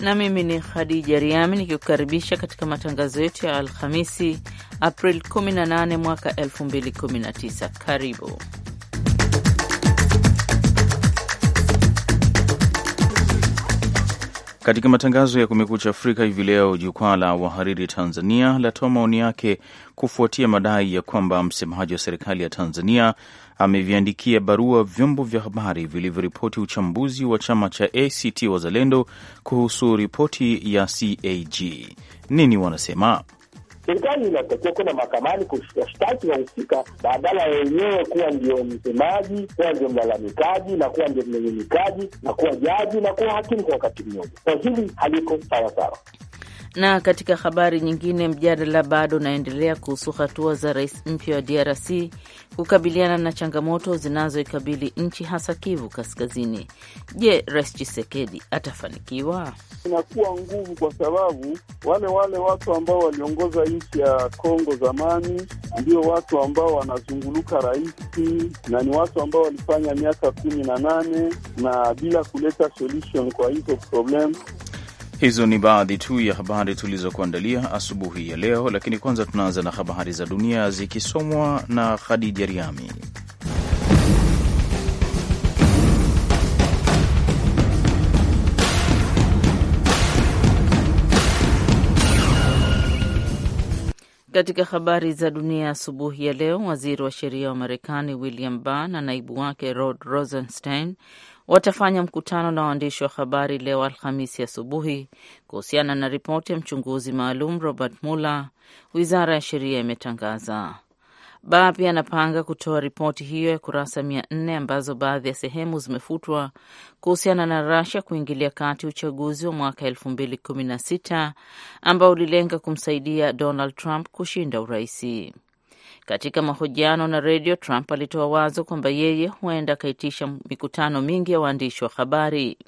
na mimi ni Khadija Riami nikikukaribisha katika matangazo yetu ya Alhamisi, April 18 mwaka 2019. Karibu katika matangazo ya Kumekucha Afrika hivi leo. Jukwaa la wahariri Tanzania latoa maoni yake kufuatia madai ya kwamba msemaji wa serikali ya Tanzania ameviandikia barua vyombo vya habari vilivyoripoti uchambuzi wa chama cha ACT Wazalendo kuhusu ripoti ya CAG. Nini wanasema? Serikali inatakiwa kwenda mahakamani kuwashtaki wahusika badala ya wenyewe kuwa ndio msemaji, kuwa ndio mlalamikaji, na kuwa ndio mlalamikaji, na kuwa jaji, na kuwa hakimu kwa wakati mmoja. Kwa hili haliko sawasawa. Na katika habari nyingine, mjadala bado unaendelea kuhusu hatua za rais mpya wa DRC kukabiliana na changamoto zinazoikabili nchi hasa Kivu Kaskazini. Je, Rais Chisekedi atafanikiwa? Inakuwa nguvu kwa sababu wale wale watu ambao waliongoza nchi ya Kongo zamani ndio watu ambao wanazunguluka rahisi na ni watu ambao walifanya miaka kumi na nane na bila kuleta solution kwa hizo problem Hizo ni baadhi tu ya habari tulizokuandalia asubuhi ya leo, lakini kwanza tunaanza na habari za dunia zikisomwa na Khadija Riami. Katika habari za dunia asubuhi ya leo, waziri wa sheria wa Marekani William Barr na naibu wake Rod Rosenstein watafanya mkutano na waandishi wa habari leo Alhamisi asubuhi kuhusiana na ripoti ya mchunguzi maalum Robert Mueller, wizara ya sheria imetangaza. Ba pia anapanga kutoa ripoti hiyo ya kurasa mia nne ambazo baadhi ya sehemu zimefutwa kuhusiana na Rasha kuingilia kati uchaguzi wa mwaka elfu mbili kumi na sita ambao ulilenga kumsaidia Donald Trump kushinda uraisi. Katika mahojiano na redio, Trump alitoa wazo kwamba yeye huenda akaitisha mikutano mingi ya waandishi wa habari.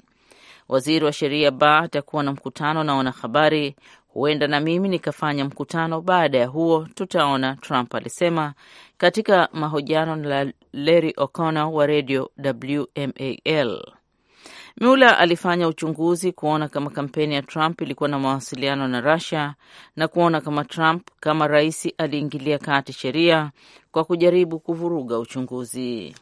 Waziri wa sheria Barr atakuwa na mkutano na wanahabari, huenda na mimi nikafanya mkutano baada ya huo, tutaona, Trump alisema katika mahojiano na Larry O'Connor wa redio WMAL. Mueller alifanya uchunguzi kuona kama kampeni ya Trump ilikuwa na mawasiliano na Russia na kuona kama Trump kama rais aliingilia kati sheria kwa kujaribu kuvuruga uchunguzi.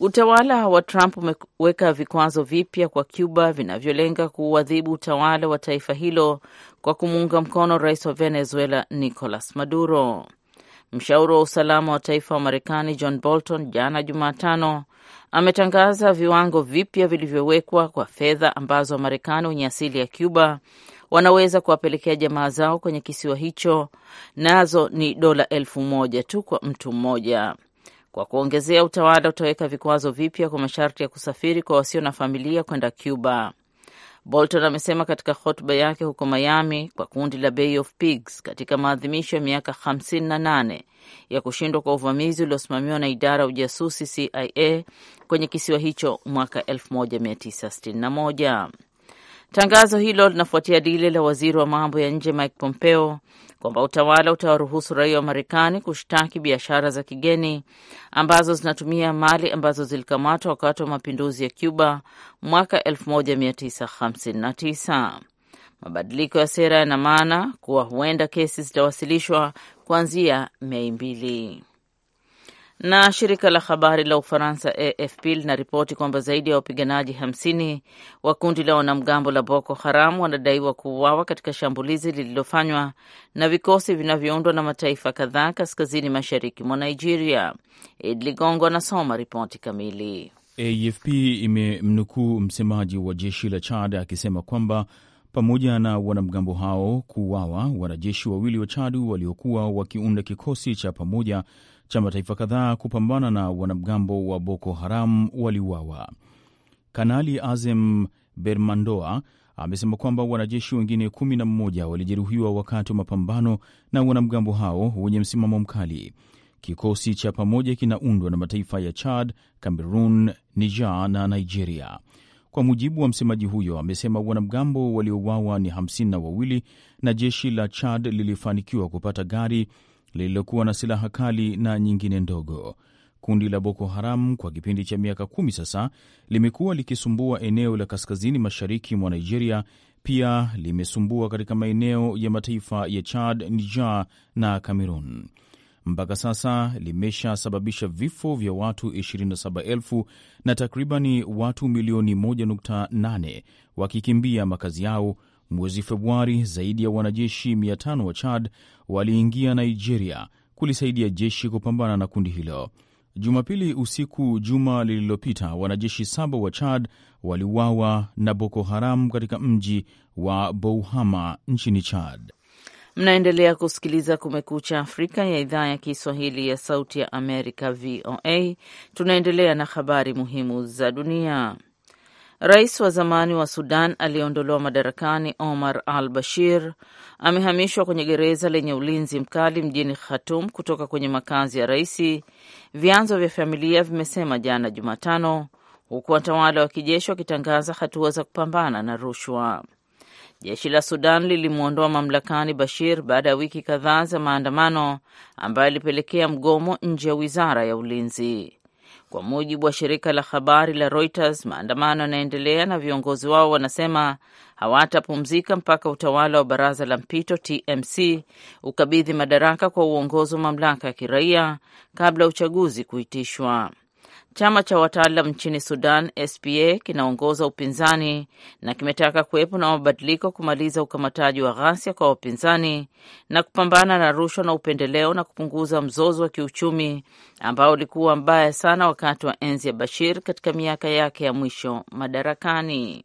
Utawala wa Trump umeweka vikwazo vipya kwa Cuba vinavyolenga kuuadhibu utawala wa taifa hilo kwa kumuunga mkono rais wa Venezuela Nicolas Maduro. Mshauri wa usalama wa taifa wa Marekani John Bolton jana Jumatano ametangaza viwango vipya vilivyowekwa kwa fedha ambazo Wamarekani wenye asili ya Cuba wanaweza kuwapelekea jamaa zao kwenye kisiwa hicho, nazo ni dola elfu moja tu kwa mtu mmoja. Kwa kuongezea, utawala utaweka vikwazo vipya kwa masharti ya kusafiri kwa wasio na familia kwenda Cuba. Bolton amesema katika hotuba yake huko Miami kwa kundi la Bay of Pigs katika maadhimisho ya miaka 58 ya kushindwa kwa uvamizi uliosimamiwa na idara ya ujasusi CIA kwenye kisiwa hicho mwaka 1961. Tangazo hilo linafuatia dile la waziri wa mambo ya nje Mike Pompeo kwamba utawala utawaruhusu raia wa Marekani kushtaki biashara za kigeni ambazo zinatumia mali ambazo zilikamatwa wakati wa mapinduzi ya Cuba mwaka 1959. Mabadiliko ya sera yana maana kuwa huenda kesi zitawasilishwa kuanzia Mei mbili. Na shirika la habari la Ufaransa AFP linaripoti kwamba zaidi ya wapiganaji hamsini wa kundi la wanamgambo la Boko Haram wanadaiwa kuuawa katika shambulizi lililofanywa na vikosi vinavyoundwa na mataifa kadhaa kaskazini mashariki mwa Nigeria. id Ligongo anasoma ripoti kamili. AFP imemnukuu msemaji wa jeshi la Chad akisema kwamba pamoja na wanamgambo hao kuuawa, wanajeshi wawili wa Chad waliokuwa wakiunda kikosi cha pamoja cha mataifa kadhaa kupambana na wanamgambo wa Boko Haram waliuawa. Kanali Azem Bermandoa amesema kwamba wanajeshi wengine kumi na mmoja walijeruhiwa wakati wa mapambano na wanamgambo hao wenye msimamo mkali. Kikosi cha pamoja kinaundwa na mataifa ya Chad, Cameroon, Niger na Nigeria. Kwa mujibu wa msemaji huyo, amesema wanamgambo waliouawa ni hamsini na wawili na jeshi la Chad lilifanikiwa kupata gari lililokuwa na silaha kali na nyingine ndogo. Kundi la Boko Haram kwa kipindi cha miaka kumi sasa limekuwa likisumbua eneo la kaskazini mashariki mwa Nigeria. Pia limesumbua katika maeneo ya mataifa ya Chad, Niger na Cameroon. Mpaka sasa limeshasababisha vifo vya watu 27,000 na takribani watu milioni 1.8 wakikimbia makazi yao Mwezi Februari, zaidi ya wanajeshi 500 wa Chad waliingia Nigeria kulisaidia jeshi kupambana na kundi hilo. Jumapili usiku juma lililopita, wanajeshi saba wa Chad waliuawa na Boko Haram katika mji wa Bouhama nchini Chad. Mnaendelea kusikiliza Kumekucha Afrika ya idhaa ya Kiswahili ya Sauti ya Amerika, VOA. Tunaendelea na habari muhimu za dunia. Rais wa zamani wa Sudan aliyeondolewa madarakani Omar al Bashir amehamishwa kwenye gereza lenye ulinzi mkali mjini Khartoum kutoka kwenye makazi ya raisi, vyanzo vya familia vimesema jana Jumatano, huku watawala wa kijeshi wakitangaza hatua za kupambana na rushwa. Jeshi la Sudan lilimwondoa mamlakani Bashir baada ya wiki kadhaa za maandamano ambayo alipelekea mgomo nje ya wizara ya ulinzi. Kwa mujibu wa shirika la habari la Reuters, maandamano yanaendelea na viongozi wao wanasema hawatapumzika mpaka utawala wa baraza la mpito TMC ukabidhi madaraka kwa uongozi wa mamlaka ya kiraia kabla ya uchaguzi kuitishwa. Chama cha wataalam nchini Sudan SPA kinaongoza upinzani na kimetaka kuwepo na mabadiliko kumaliza ukamataji wa ghasia kwa wapinzani na kupambana na rushwa na upendeleo na kupunguza mzozo wa kiuchumi ambao ulikuwa mbaya sana wakati wa enzi ya Bashir katika miaka yake ya mwisho madarakani.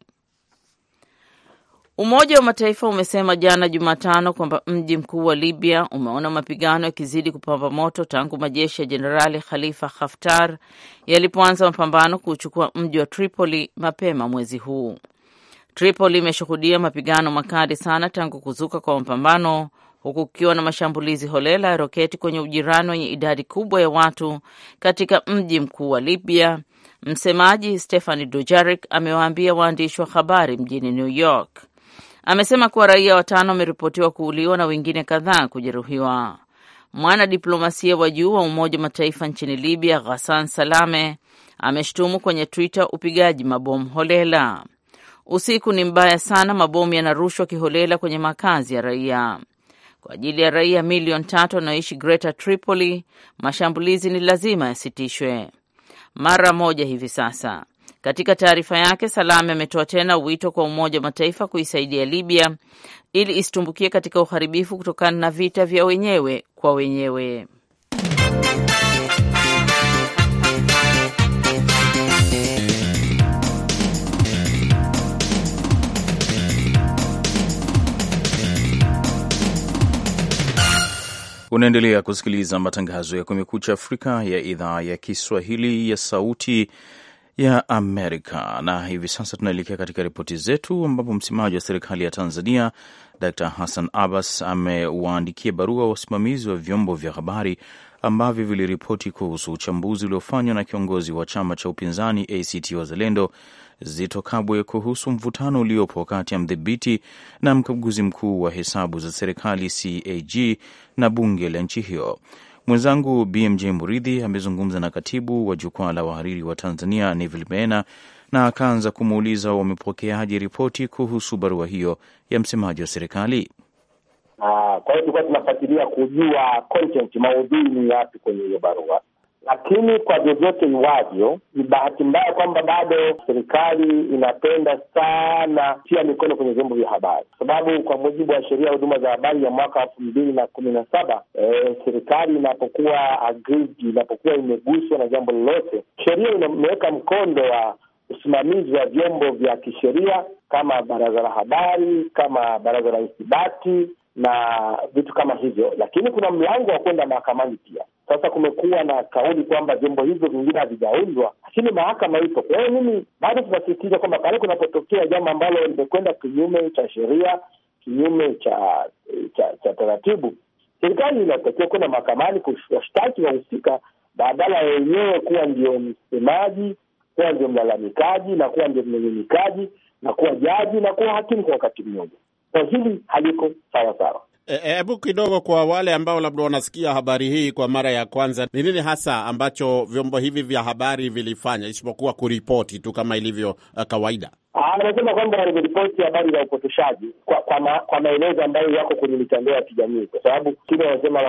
Umoja wa Mataifa umesema jana Jumatano kwamba mji mkuu wa Libya umeona mapigano yakizidi kupamba moto tangu majeshi ya Jenerali Khalifa Haftar yalipoanza mapambano kuchukua mji wa Tripoli mapema mwezi huu. Tripoli imeshuhudia mapigano makali sana tangu kuzuka kwa mapambano huku kukiwa na mashambulizi holela ya roketi kwenye ujirani wenye idadi kubwa ya watu katika mji mkuu wa Libya. Msemaji stephani dujarik amewaambia waandishi wa habari mjini New York amesema kuwa raia watano wameripotiwa kuuliwa na wengine kadhaa kujeruhiwa. Mwana diplomasia wa juu wa Umoja wa Mataifa nchini Libya, Ghassan Salame, ameshtumu kwenye Twitter upigaji mabomu holela. Usiku ni mbaya sana, mabomu yanarushwa kiholela kwenye makazi ya raia. Kwa ajili ya raia milioni tatu wanaoishi Greater Tripoli, mashambulizi ni lazima yasitishwe mara moja hivi sasa. Katika taarifa yake, Salame ametoa tena wito kwa Umoja wa Mataifa kuisaidia Libya ili isitumbukie katika uharibifu kutokana na vita vya wenyewe kwa wenyewe. Unaendelea kusikiliza matangazo ya Kumekucha Afrika ya idhaa ya Kiswahili ya Sauti ya Amerika. Na hivi sasa tunaelekea katika ripoti zetu, ambapo msemaji wa serikali ya Tanzania Dr Hassan Abbas amewaandikia barua wasimamizi wa vyombo vya habari ambavyo viliripoti kuhusu uchambuzi uliofanywa na kiongozi wa chama cha upinzani ACT Wazalendo Zito Kabwe kuhusu mvutano uliopo kati ya mdhibiti na mkaguzi mkuu wa hesabu za serikali CAG na bunge la nchi hiyo. Mwenzangu BMJ Muridhi amezungumza na katibu wa jukwaa la wahariri wa Tanzania Neville Bena na akaanza kumuuliza wamepokeaje ripoti kuhusu barua hiyo ya msemaji wa serikali. Ah, kwa hiyo tulikuwa tunafuatilia kujua content, maudhui ni yapi kwenye hiyo barua lakini kwa vyovyote iwavyo, ni bahati mbaya kwamba bado serikali inapenda sana tia mikono kwenye vyombo vya habari, kwa sababu kwa mujibu wa sheria ya huduma za habari ya mwaka elfu mbili na kumi na saba e, serikali inapokuwa aggrieved, inapokuwa imeguswa na jambo lolote, sheria imeweka mkondo wa usimamizi wa vyombo vya kisheria kama baraza la habari, kama baraza la ithibati na vitu kama hivyo, lakini kuna mlango wa kwenda mahakamani pia. Sasa kumekuwa na kauli kwamba vyombo hivyo vingine havijaundwa, lakini mahakama ipo. Kwa hiyo mimi bado tunasisitiza kwamba pale kunapotokea jambo ambalo limekwenda kinyume cha sheria, kinyume cha cha, cha taratibu, serikali inatakiwa kwenda mahakamani kuwashtaki wahusika, badala ya wenyewe kuwa ndio msemaji, kuwa ndio mlalamikaji na kuwa ndio mnengenikaji na kuwa jaji na kuwa hakimu kwa wakati mmoja. Kwa hili haliko sawasawa. Eh, eh, hebu kidogo, kwa wale ambao labda wanasikia habari hii kwa mara ya kwanza, ni nini hasa ambacho vyombo hivi vya habari vilifanya isipokuwa kuripoti tu kama ilivyo uh, kawaida? Anasema ah, kwamba waliripoti habari za upotoshaji kwa kwa, ma, kwa maelezo ambayo yako kwenye mitandao ya kijamii, kwa sababu kile wanasema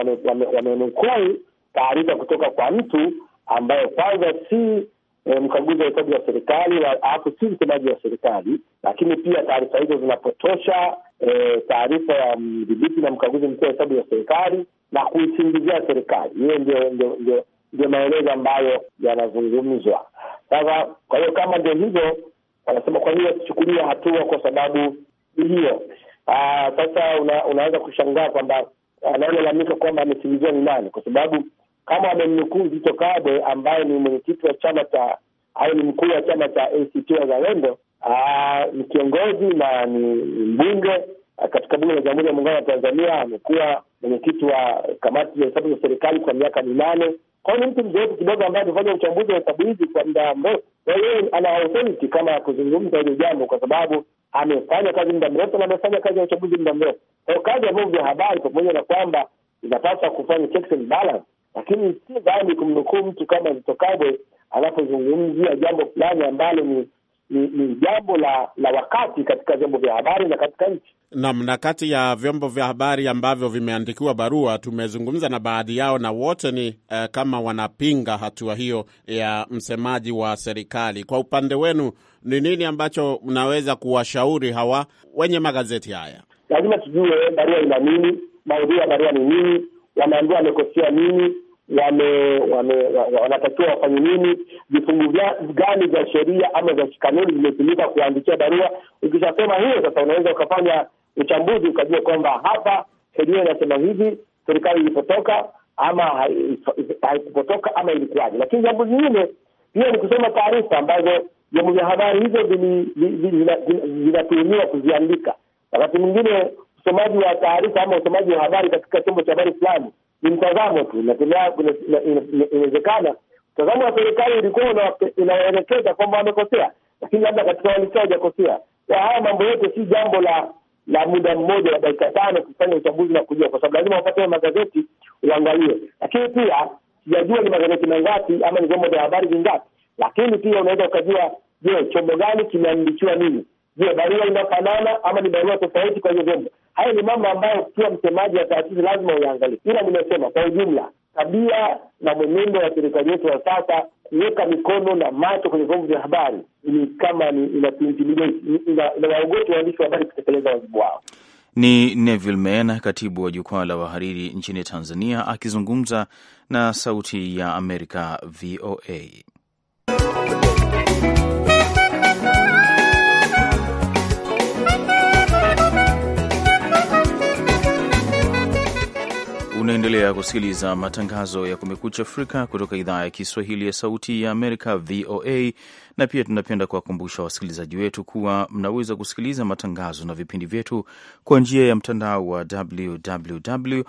wamenukuu taarifa kutoka kwa mtu ambaye kwanza si E, mkaguzi wa hesabu za serikali alafu si msemaji wa serikali, lakini pia taarifa hizo zinapotosha e, taarifa ya mdhibiti na mkaguzi mkuu wa hesabu ya serikali na kuisingizia serikali. Hiyo ndio ndio ndio maelezo ambayo yanazungumzwa sasa. Kwa hiyo kama ndio hivyo, wanasema kwa hiyo asichukulia hatua kwa sababu hiyo. Ah, sasa una, unaweza kushangaa kwamba ah, anayelalamika kwamba amesingiziwa ni nani, kwa sababu kama wamemnukuu Zitto Kabwe ambaye ni mwenyekiti wa chama cha au ni mkuu wa chama cha ACT Wazalendo Ah, ni kiongozi na ni mbunge ah, katika bunge la Jamhuri ya Muungano wa Tanzania. Amekuwa mwenyekiti wa kamati ya hesabu za serikali kwa miaka minane. kwao ni mtu mzoefu kidogo ambaye amefanya uchambuzi wa hesabu hizi kwa muda mrefu, na yeye ana authority kama ya kuzungumza hilo jambo, kwa sababu amefanya kazi muda mrefu na amefanya kazi ya uchambuzi muda mrefu. kwao kazi ya vyombo vya habari, pamoja na kwamba inapaswa kufanya checks and balance, lakini si dhani kumnukuu mtu kama zitokabwe anapozungumzia jambo fulani ambalo ni ni, ni jambo la, la wakati katika vyombo vya habari na katika nchi nam. Na kati ya vyombo vya habari ambavyo vimeandikiwa barua, tumezungumza na baadhi yao na wote ni eh, kama wanapinga hatua hiyo ya msemaji wa serikali. Kwa upande wenu, ni nini ambacho mnaweza kuwashauri hawa wenye magazeti haya? Lazima tujue barua ina nini, maudhui ya barua ni nini, wanaambiwa wamekosea nini wame, wame, wanatakiwa wafanye nini, vifungu gani vya sheria ama vya kanuni vimetumika kuandikia barua. Ukishasema hiyo sasa, unaweza ukafanya uchambuzi ukajua kwamba hapa sheria inasema hivi, serikali ilipotoka ama haikupotoka ama ilikuwaje. Lakini jambo lingine pia ni kusoma taarifa ambazo vyombo vya habari hivyo vinatuhumiwa kuziandika. Wakati mwingine usomaji wa taarifa ama usomaji wa habari katika chombo cha habari fulani ni mtazamo tu. Inawezekana mtazamo wa serikali ulikuwa inawaelekeza kwamba wamekosea, lakini labda katika walisaa hujakosea. Haya mambo yote si jambo la la muda mmoja wa dakika tano kufanya uchambuzi na kujua, kwa sababu lazima wapate magazeti uangalie. Lakini pia sijajua ni magazeti mangapi ama ni vyombo vya habari vingapi, lakini pia unaweza ukajua, je, chombo gani kimeandikiwa nini Je, barua inafanana ama ni barua tofauti kwa hivyo vyombo? Haya ni mambo ambayo ukiwa msemaji wa taasisi lazima uyaangalie, ila nimesema kwa ujumla tabia na mwenendo wa serikali yetu wa sasa kuweka mikono na macho kwenye vyombo vya habari ni kama inawaogoti waandishi wa habari kutekeleza wajibu wao. Ni Neville Meena, katibu wa jukwaa la wahariri nchini Tanzania, akizungumza na Sauti ya Amerika VOA. Unaendelea kusikiliza matangazo ya Kumekucha Afrika kutoka idhaa ya Kiswahili ya Sauti ya Amerika, VOA, na pia tunapenda kuwakumbusha wasikilizaji wetu kuwa mnaweza kusikiliza matangazo na vipindi vyetu kwa njia ya mtandao wa www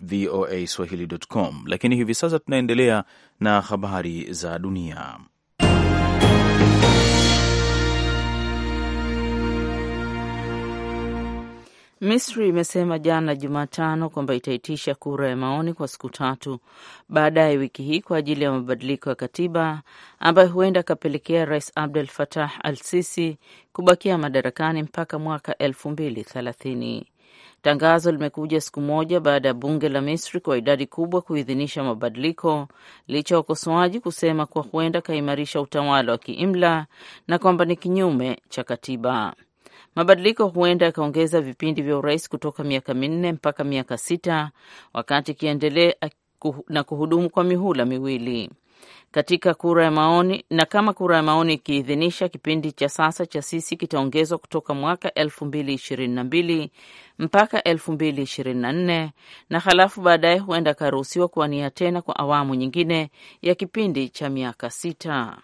voa swahili com. Lakini hivi sasa tunaendelea na habari za dunia. Misri imesema jana Jumatano kwamba itaitisha kura ya maoni kwa siku tatu baadaye wiki hii kwa ajili ya mabadiliko ya katiba ambayo huenda akapelekea Rais Abdel Fattah al-Sisi kubakia madarakani mpaka mwaka elfu mbili thelathini. Tangazo limekuja siku moja baada ya bunge la Misri kwa idadi kubwa kuidhinisha mabadiliko licha ya ukosoaji kusema kuwa huenda kaimarisha utawala wa kiimla na kwamba ni kinyume cha katiba. Mabadiliko huenda yakaongeza vipindi vya urais kutoka miaka minne mpaka miaka sita wakati ikiendelea na kuhudumu kwa mihula miwili katika kura ya maoni na kama kura ya maoni ikiidhinisha, kipindi cha sasa cha sisi kitaongezwa kutoka mwaka mbili mpaka nne na halafu baadaye huenda akaruhusiwa kuwania tena kwa awamu nyingine ya kipindi cha miaka sita.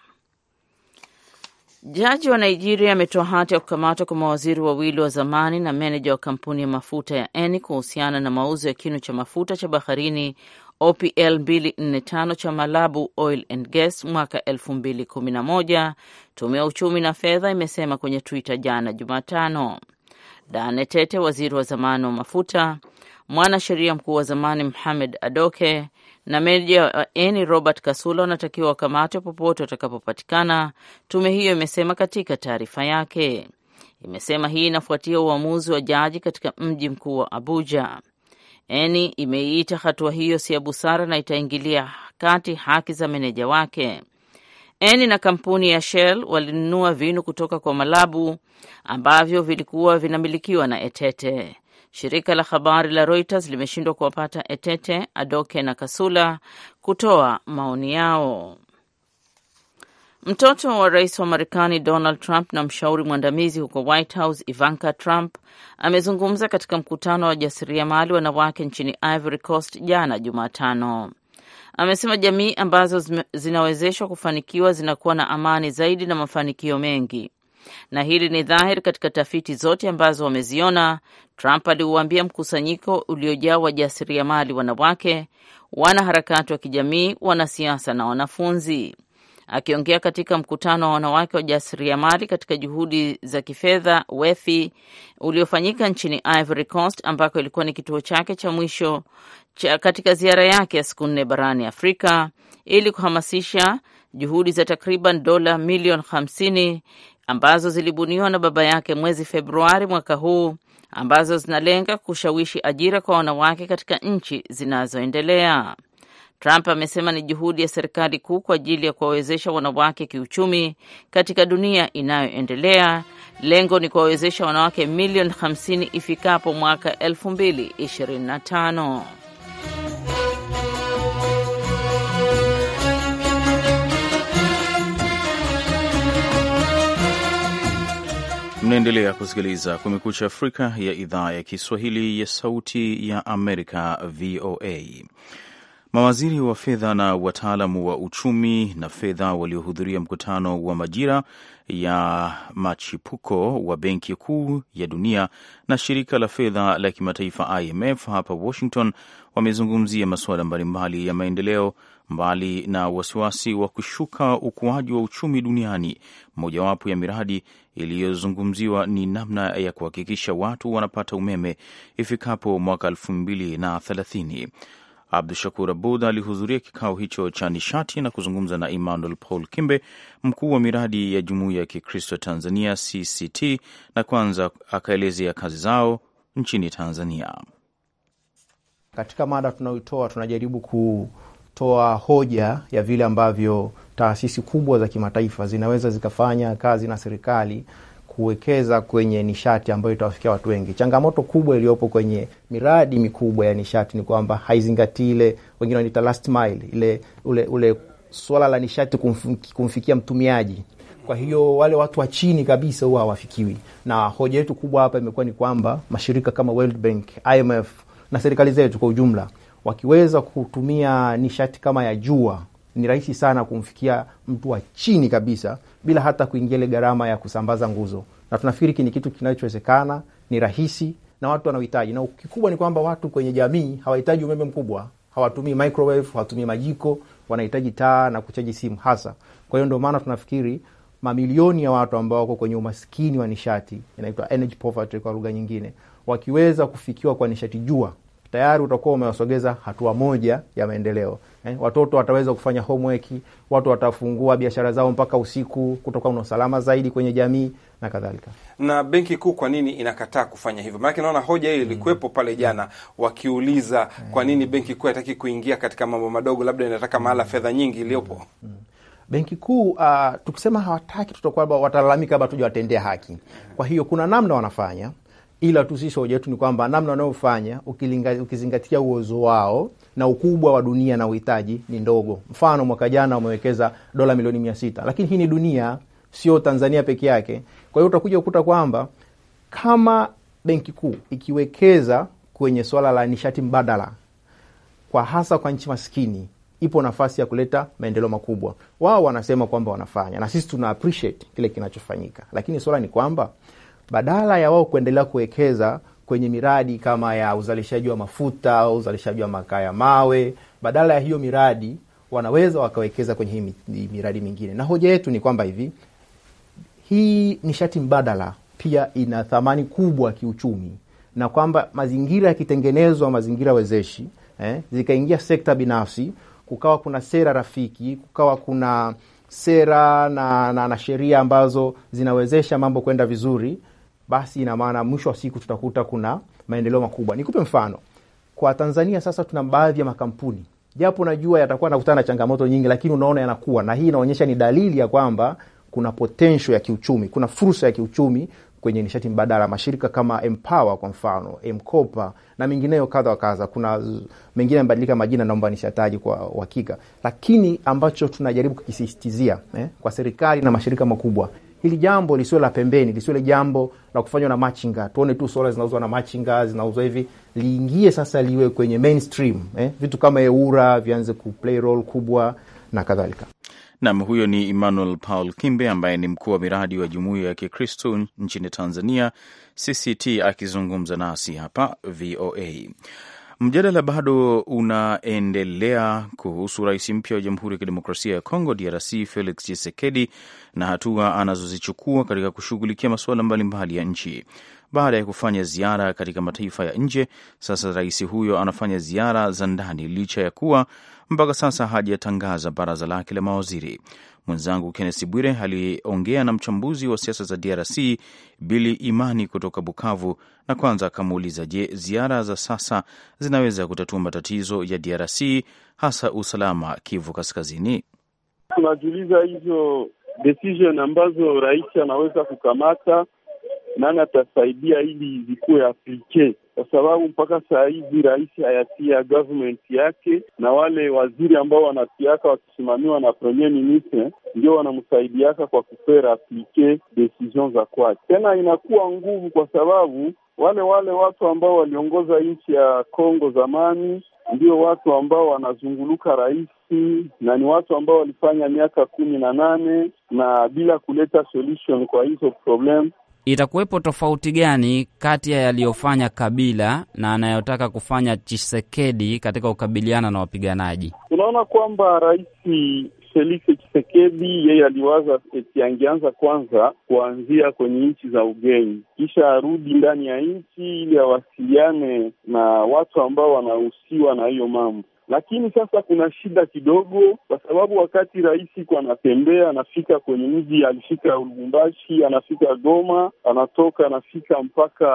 Jaji wa Nigeria ametoa hati ya kukamatwa kwa mawaziri wawili wa zamani na meneja wa kampuni ya mafuta ya Eni kuhusiana na mauzo ya kinu cha mafuta cha baharini OPL 245 cha Malabu Oil and Gas mwaka 2011, tume ya uchumi na fedha imesema kwenye Twitter jana Jumatano. Dane Tete, waziri wa zamani wa mafuta, mwanasheria mkuu wa zamani Mohamed Adoke na meneja wa eh, Eni Robert Kasula wanatakiwa wakamatwe popote watakapopatikana, tume hiyo imesema katika taarifa yake. Imesema hii inafuatia uamuzi wa jaji katika mji mkuu wa Abuja. Eni imeiita hatua hiyo si ya busara na itaingilia kati haki za meneja wake. Eni na kampuni ya Shell walinunua vinu kutoka kwa Malabu ambavyo vilikuwa vinamilikiwa na Etete. Shirika la habari la Reuters limeshindwa kuwapata Etete, Adoke na Kasula kutoa maoni yao. Mtoto wa rais wa Marekani Donald Trump na mshauri mwandamizi huko White House Ivanka Trump amezungumza katika mkutano wa wajasiriamali wanawake nchini Ivory Coast jana Jumatano. Amesema jamii ambazo zinawezeshwa kufanikiwa zinakuwa na amani zaidi na mafanikio mengi na hili ni dhahiri katika tafiti zote ambazo wameziona. Trump aliuambia mkusanyiko uliojaa wajasiriamali wanawake, wanaharakati wa kijamii, wanasiasa na wanafunzi. Akiongea katika mkutano wa wanawake wajasiriamali katika juhudi za kifedha WEFI uliofanyika nchini Ivory Coast ambako ilikuwa ni kituo chake cha mwisho cha katika ziara yake ya siku nne barani Afrika ili kuhamasisha juhudi za takriban dola milioni 50 ambazo zilibuniwa na baba yake mwezi Februari mwaka huu ambazo zinalenga kushawishi ajira kwa wanawake katika nchi zinazoendelea. Trump amesema ni juhudi ya serikali kuu kwa ajili ya kuwawezesha wanawake kiuchumi katika dunia inayoendelea. Lengo ni kuwawezesha wanawake milioni 50 ifikapo mwaka 2025. Mnaendelea kusikiliza Kumekucha Afrika ya idhaa ya Kiswahili ya Sauti ya Amerika, VOA. Mawaziri wa fedha na wataalamu wa uchumi na fedha waliohudhuria mkutano wa majira ya machipuko wa Benki Kuu ya Dunia na Shirika la Fedha la Kimataifa IMF hapa Washington wamezungumzia masuala mbalimbali ya maendeleo Mbali na wasiwasi wa kushuka ukuaji wa uchumi duniani, mojawapo ya miradi iliyozungumziwa ni namna ya kuhakikisha watu wanapata umeme ifikapo mwaka elfu mbili na thelathini. Abdu Shakur Abud alihudhuria kikao hicho cha nishati na kuzungumza na Emmanuel Paul Kimbe, mkuu wa miradi ya Jumuiya ya Kikristo Tanzania CCT, na kwanza akaelezea kazi zao nchini Tanzania. Katika mada tunayoitoa tunajaribu ku kutoa hoja ya vile ambavyo taasisi kubwa za kimataifa zinaweza zikafanya kazi na serikali kuwekeza kwenye nishati ambayo itawafikia watu wengi. Changamoto kubwa iliyopo kwenye miradi mikubwa ya nishati ni kwamba haizingatii ile, wengine wanaita last mile, ile ule, ule swala la nishati kumfikia mtumiaji. Kwa hiyo wale watu wa chini kabisa huwa hawafikiwi, na hoja yetu kubwa hapa imekuwa ni kwamba mashirika kama World Bank, IMF na serikali zetu kwa ujumla wakiweza kutumia nishati kama ya jua, ni rahisi sana kumfikia mtu wa chini kabisa bila hata kuingia ile gharama ya kusambaza nguzo, na tunafikiri ni kitu kinachowezekana, ni rahisi na watu wanaohitaji. na kikubwa ni kwamba watu kwenye jamii hawahitaji umeme mkubwa, hawatumii microwave, hawatumii majiko, wanahitaji taa na kuchaji simu hasa. Kwa hiyo ndio maana tunafikiri mamilioni ya watu ambao wako kwenye umaskini wa nishati, inaitwa energy poverty kwa lugha nyingine, wakiweza kufikiwa kwa nishati jua tayari utakuwa umewasogeza hatua moja ya maendeleo eh. Watoto wataweza kufanya homework, watu watafungua biashara zao mpaka usiku, kutoka na usalama zaidi kwenye jamii na kadhalika. Na benki kuu kwa nini inakataa kufanya hivyo? Maanake naona hoja hii ilikuwepo mm. pale jana, mm. wakiuliza mm. kwa nini benki kuu haitaki kuingia katika mambo madogo, labda inataka mahala fedha nyingi iliyopo benki kuu. Uh, tukisema hawataki, tutakuwa watalalamika labda tujawatendea haki. Kwa hiyo kuna namna wanafanya ila tu sisi hoja yetu ni kwamba namna wanayofanya ukizingatia uwezo wao na ukubwa wa dunia na uhitaji ni ndogo. Mfano, mwaka jana wamewekeza dola milioni mia sita, lakini hii ni dunia, sio Tanzania peke yake. Kwa hiyo utakuja kukuta kwamba kama benki kuu ikiwekeza kwenye swala la nishati mbadala kwa hasa kwa nchi maskini, ipo nafasi ya kuleta maendeleo makubwa. Wao wanasema kwamba wanafanya, na sisi tuna appreciate kile kinachofanyika, lakini swala ni kwamba badala ya wao kuendelea kuwekeza kwenye miradi kama ya uzalishaji wa mafuta au uzalishaji wa makaa ya mawe, badala ya hiyo miradi wanaweza wakawekeza kwenye hii miradi mingine. Na hoja yetu ni kwamba hivi hii nishati mbadala pia ina thamani kubwa kiuchumi, na kwamba mazingira yakitengenezwa, mazingira wezeshi eh, zikaingia sekta binafsi, kukawa kuna sera rafiki, kukawa kuna sera na, na, na sheria ambazo zinawezesha mambo kwenda vizuri basi ina maana mwisho wa siku tutakuta kuna maendeleo makubwa. Nikupe mfano kwa Tanzania sasa, tuna baadhi ya makampuni japo najua yatakuwa nakutana na changamoto nyingi, lakini unaona yanakuwa, na hii inaonyesha ni dalili ya kwamba kuna potential ya kiuchumi, kuna fursa ya kiuchumi kwenye nishati mbadala. Mashirika kama Empower kwa mfano, Mkopa na mengineyo kadha wa kadha, kuna mengine yamebadilika majina, naomba nishataji kwa uhakika, lakini ambacho tunajaribu kukisisitizia eh, kwa serikali na mashirika makubwa hili jambo lisiwe la pembeni, lisiwe jambo la kufanywa na machinga, tuone tu sola zinauzwa na machinga, zinauzwa hivi, liingie sasa, liwe kwenye mainstream eh? vitu kama eura vianze kuplay role kubwa na kadhalika. Nam, huyo ni Emmanuel Paul Kimbe ambaye ni mkuu wa miradi wa Jumuiya ya Kikristo nchini Tanzania, CCT, akizungumza nasi hapa VOA. Mjadala bado unaendelea kuhusu rais mpya wa Jamhuri ya Kidemokrasia ya Kongo, DRC, Felix Tshisekedi na hatua anazozichukua katika kushughulikia masuala mbalimbali ya nchi. Baada ya kufanya ziara katika mataifa ya nje, sasa rais huyo anafanya ziara za ndani, licha ya kuwa mpaka sasa hajatangaza baraza lake la mawaziri. Mwenzangu Kennesi Bwire aliongea na mchambuzi wa siasa za DRC Bili Imani kutoka Bukavu, na kwanza akamuuliza, je, ziara za sasa zinaweza kutatua matatizo ya DRC hasa usalama Kivu Kaskazini? Tunajiuliza hizo decision ambazo rais anaweza kukamata nani atasaidia ili zikuwe aplike, kwa sababu mpaka saa hizi rais hayatia government yake, na wale waziri ambao wanatiaka wakisimamiwa na premier ministre ndio wanamsaidiaka kwa kufera aplike decision za kwake. Tena inakuwa nguvu, kwa sababu wale wale watu ambao waliongoza nchi ya Kongo zamani ndio watu ambao wanazunguluka rais na ni watu ambao walifanya miaka kumi na nane na bila kuleta solution kwa hizo problem itakuwepo tofauti gani kati ya yaliyofanya Kabila na anayotaka kufanya Chisekedi katika kukabiliana na wapiganaji? Tunaona kwamba rais Felix chisekedi yeye aliwaza eti angeanza kwanza kuanzia kwenye nchi za ugeni, kisha arudi ndani ya nchi ili awasiliane na watu ambao wanahusiwa na hiyo mambo. Lakini sasa kuna shida kidogo, kwa sababu wakati rais anatembea, anafika kwenye mji, alifika Lubumbashi, anafika Goma, anatoka anafika mpaka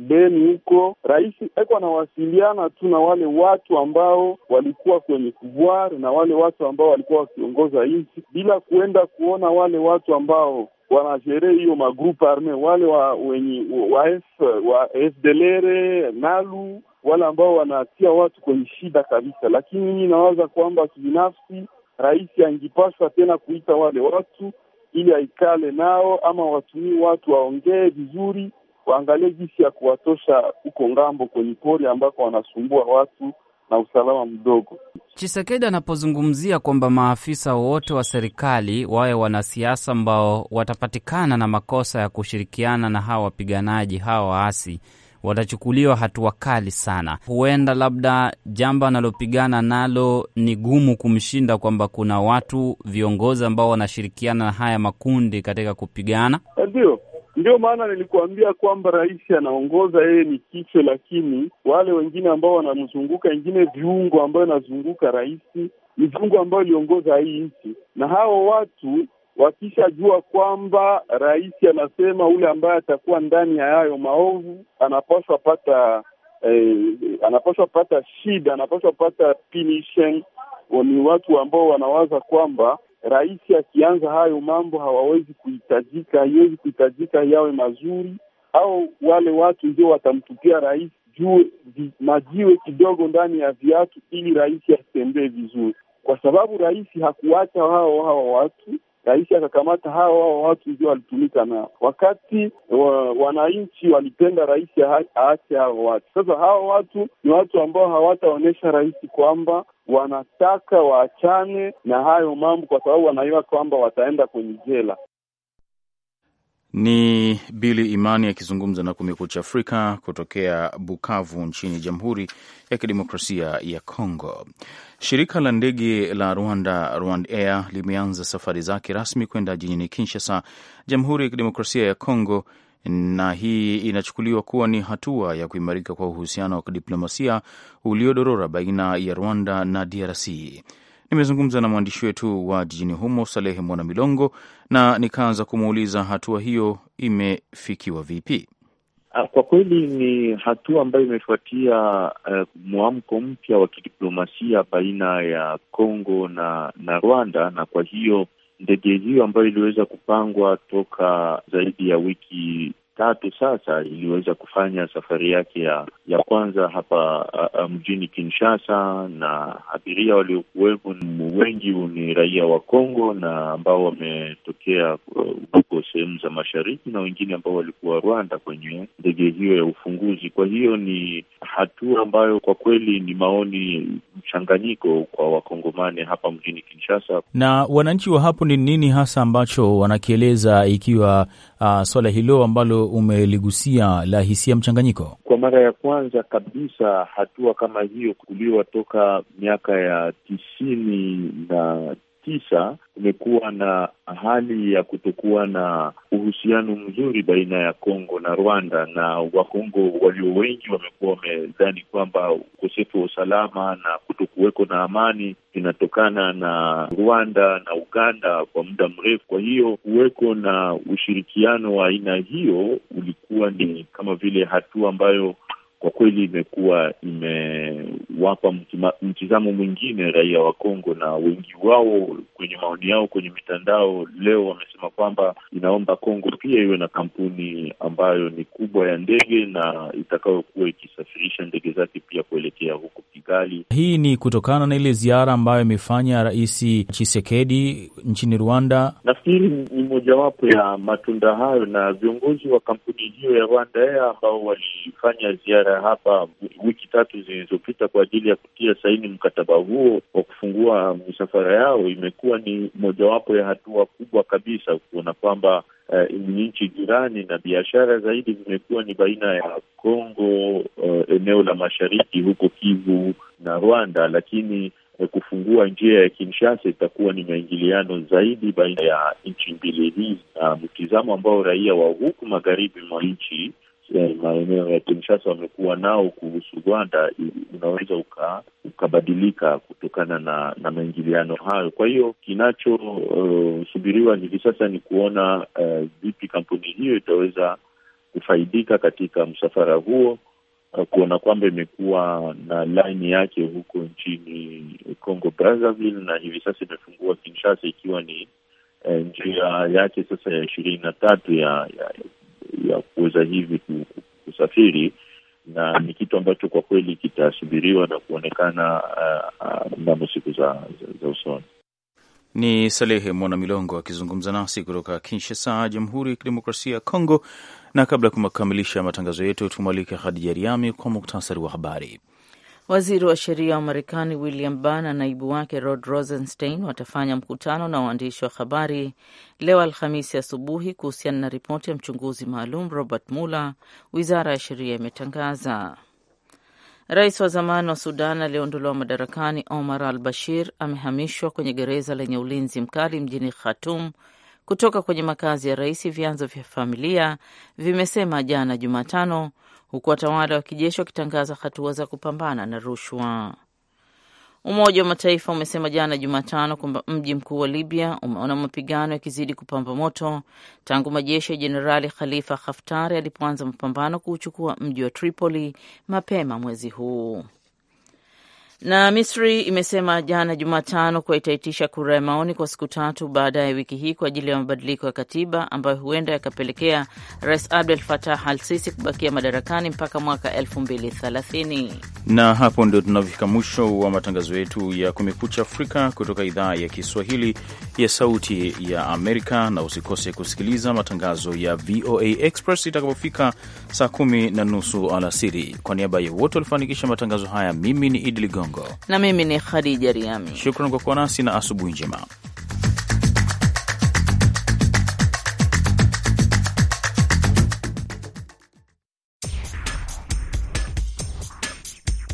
Beni huko, rais eko anawasiliana tu na wale watu ambao walikuwa kwenye pouvoir na wale watu ambao walikuwa wakiongoza nchi bila kuenda kuona wale watu ambao wanashere hiyo magrupu arme wale wa wenye wa, wa, wa SDLR nalu wale ambao wanatia watu kwenye shida kabisa. Lakini mimi nawaza kwamba kibinafsi, rais angipaswa tena kuita wale watu ili aikale nao, ama watumii watu waongee vizuri, waangalie jinsi ya kuwatosha huko ngambo kwenye pori ambako wanasumbua watu na usalama mdogo. Chisekedi anapozungumzia kwamba maafisa wote wa serikali wawe wanasiasa ambao watapatikana na makosa ya kushirikiana na hawa wapiganaji hawa waasi watachukuliwa hatua kali sana. Huenda labda jambo analopigana nalo ni gumu kumshinda, kwamba kuna watu viongozi ambao wanashirikiana na haya makundi katika kupigana. Eh, ndio, ndio maana nilikuambia kwamba rais anaongoza yeye ni kichwa, lakini wale wengine ambao wanamzunguka, wengine viungo ambayo inazunguka rais ni viungo ambayo iliongoza hii nchi, na hao watu Wakishajua kwamba rais anasema ule ambaye atakuwa ndani ya hayo maovu anapaswa pata eh, anapaswa pata shida, anapaswa pata punishment. Ni watu ambao wanawaza kwamba rais akianza hayo mambo hawawezi kuhitajika, haiwezi kuhitajika yawe mazuri, au wale watu ndio watamtupia rais juu majiwe kidogo ndani ya viatu ili rais asitembee vizuri, kwa sababu rais hakuwacha hao hao watu rais akakamata hawa watu ndio walitumika nao, wakati wa, wananchi walipenda rais aache hawa watu. Sasa hawa watu ni watu ambao hawataonyesha rais kwamba wanataka waachane na hayo mambo, kwa sababu wanaiwa kwamba wataenda kwenye jela. Ni Bili Imani akizungumza na Kumekucha Afrika kutokea Bukavu nchini Jamhuri ya Kidemokrasia ya Kongo. Shirika la ndege la Rwanda, RwandAir, Air, limeanza safari zake rasmi kwenda jijini Kinshasa, Jamhuri ya Kidemokrasia ya Kongo, na hii inachukuliwa kuwa ni hatua ya kuimarika kwa uhusiano wa kidiplomasia uliodorora baina ya Rwanda na DRC. Nimezungumza na mwandishi wetu wa jijini humo Salehe Mwana Milongo na nikaanza kumuuliza hatua hiyo imefikiwa vipi? Ah, kwa kweli ni hatua ambayo imefuatia uh, mwamko mpya wa kidiplomasia baina ya Kongo na, na Rwanda, na kwa hiyo ndege hiyo ambayo iliweza kupangwa toka zaidi ya wiki tatu sasa iliweza kufanya safari yake ya ya kwanza hapa a, a, mjini Kinshasa, na abiria waliokuwepo wengi ni raia wa Kongo na ambao wametokea uh, huko sehemu za mashariki na wengine ambao walikuwa Rwanda kwenye ndege hiyo ya ufunguzi. Kwa hiyo ni hatua ambayo kwa kweli ni maoni mchanganyiko kwa wakongomani hapa mjini Kinshasa. Na wananchi wa hapo, ni nini hasa ambacho wanakieleza ikiwa uh, swala hilo ambalo umeligusia la hisia mchanganyiko. Kwa mara ya kwanza kabisa hatua kama hiyo kuliwa toka miaka ya tisini na tisa kumekuwa na hali ya kutokuwa na uhusiano mzuri baina ya Kongo na Rwanda, na Wakongo walio wengi wamekuwa wamedhani kwamba ukosefu wa usalama na kutokuweko na amani inatokana na Rwanda na Uganda kwa muda mrefu. Kwa hiyo kuweko na ushirikiano wa aina hiyo ulikuwa ni kama vile hatua ambayo kwa kweli imekuwa imewapa mtizamo mwingine raia wa Kongo, na wengi wao kwenye maoni yao kwenye mitandao leo wamesema kwamba inaomba Kongo pia iwe na kampuni ambayo ni kubwa ya ndege na itakayokuwa ikisafirisha ndege zake pia kuelekea huko Kigali. Hii ni kutokana na ile ziara ambayo imefanya Rais chisekedi nchini Rwanda. Nafikiri ni mojawapo ya matunda hayo, na viongozi wa kampuni hiyo ya Rwanda Air ambao walifanya ziara hapa wiki tatu zilizopita kwa ajili ya kutia saini mkataba huo wa kufungua misafara yao imekuwa ni mojawapo ya hatua kubwa kabisa kuona kwamba Uh, nchi jirani na biashara zaidi vimekuwa ni baina ya Kongo, uh, eneo la mashariki huko Kivu na Rwanda, lakini uh, kufungua njia ya Kinshasa itakuwa ni maingiliano zaidi baina ya nchi mbili hizi na uh, mtizamo ambao raia wa huku magharibi mwa nchi Eh, maeneo ya Kinshasa wamekuwa nao kuhusu Rwanda unaweza uka, ukabadilika kutokana na, na maingiliano hayo. Kwa hiyo kinachosubiriwa eh, uh, hivi sasa ni kuona eh, vipi uh, kampuni hiyo itaweza kufaidika katika msafara huo uh, kuona kwamba imekuwa na laini yake huko nchini Congo Brazzaville na hivi sasa imefungua Kinshasa ikiwa ni njia yake sasa ya ishirini na tatu ya, ya ya kuweza hivi kusafiri, na ni kitu ambacho kwa kweli kitasubiriwa na kuonekana mnamo uh, uh, siku za, za, za usoni. Ni Salehe Mwana Milongo akizungumza nasi kutoka Kinshasa, Jamhuri ya Kidemokrasia ya Kongo. Na kabla ya kukamilisha matangazo yetu, tumwalike Khadija Riami kwa muktasari wa habari. Waziri wa sheria wa Marekani William Barr na naibu wake Rod Rosenstein watafanya mkutano na waandishi wa habari leo Alhamisi asubuhi kuhusiana na ripoti ya mchunguzi maalum Robert Mueller, wizara ya sheria imetangaza. Rais wa zamani wa Sudan aliyeondolewa madarakani Omar al Bashir amehamishwa kwenye gereza lenye ulinzi mkali mjini Khartoum kutoka kwenye makazi ya rais, vyanzo vya familia vimesema jana Jumatano, huku watawala wa kijeshi wakitangaza hatua za kupambana na rushwa. Umoja wa Mataifa umesema jana Jumatano kwamba mji mkuu wa Libya umeona mapigano yakizidi kupamba moto tangu majeshi ya Jenerali Khalifa Haftar yalipoanza mapambano kuuchukua mji wa Tripoli mapema mwezi huu. Na Misri imesema jana Jumatano kuwa itaitisha kura ya maoni kwa siku tatu baada ya wiki hii kwa ajili ya mabadiliko ya katiba ambayo huenda yakapelekea Rais Abdel Fattah al Sisi kubakia madarakani mpaka mwaka 2030. Na hapo ndio tunafika mwisho wa matangazo yetu ya Kumekucha Afrika kutoka idhaa ya Kiswahili ya Sauti ya Amerika, na usikose kusikiliza matangazo ya VOA Express itakapofika saa kumi na nusu alasiri. Kwa niaba ya wote walifanikisha matangazo haya, mimi ni Idi Ligongo Ligongo na mimi ni Khadija Riami. Shukran kwa kuwa nasi na asubuhi njema.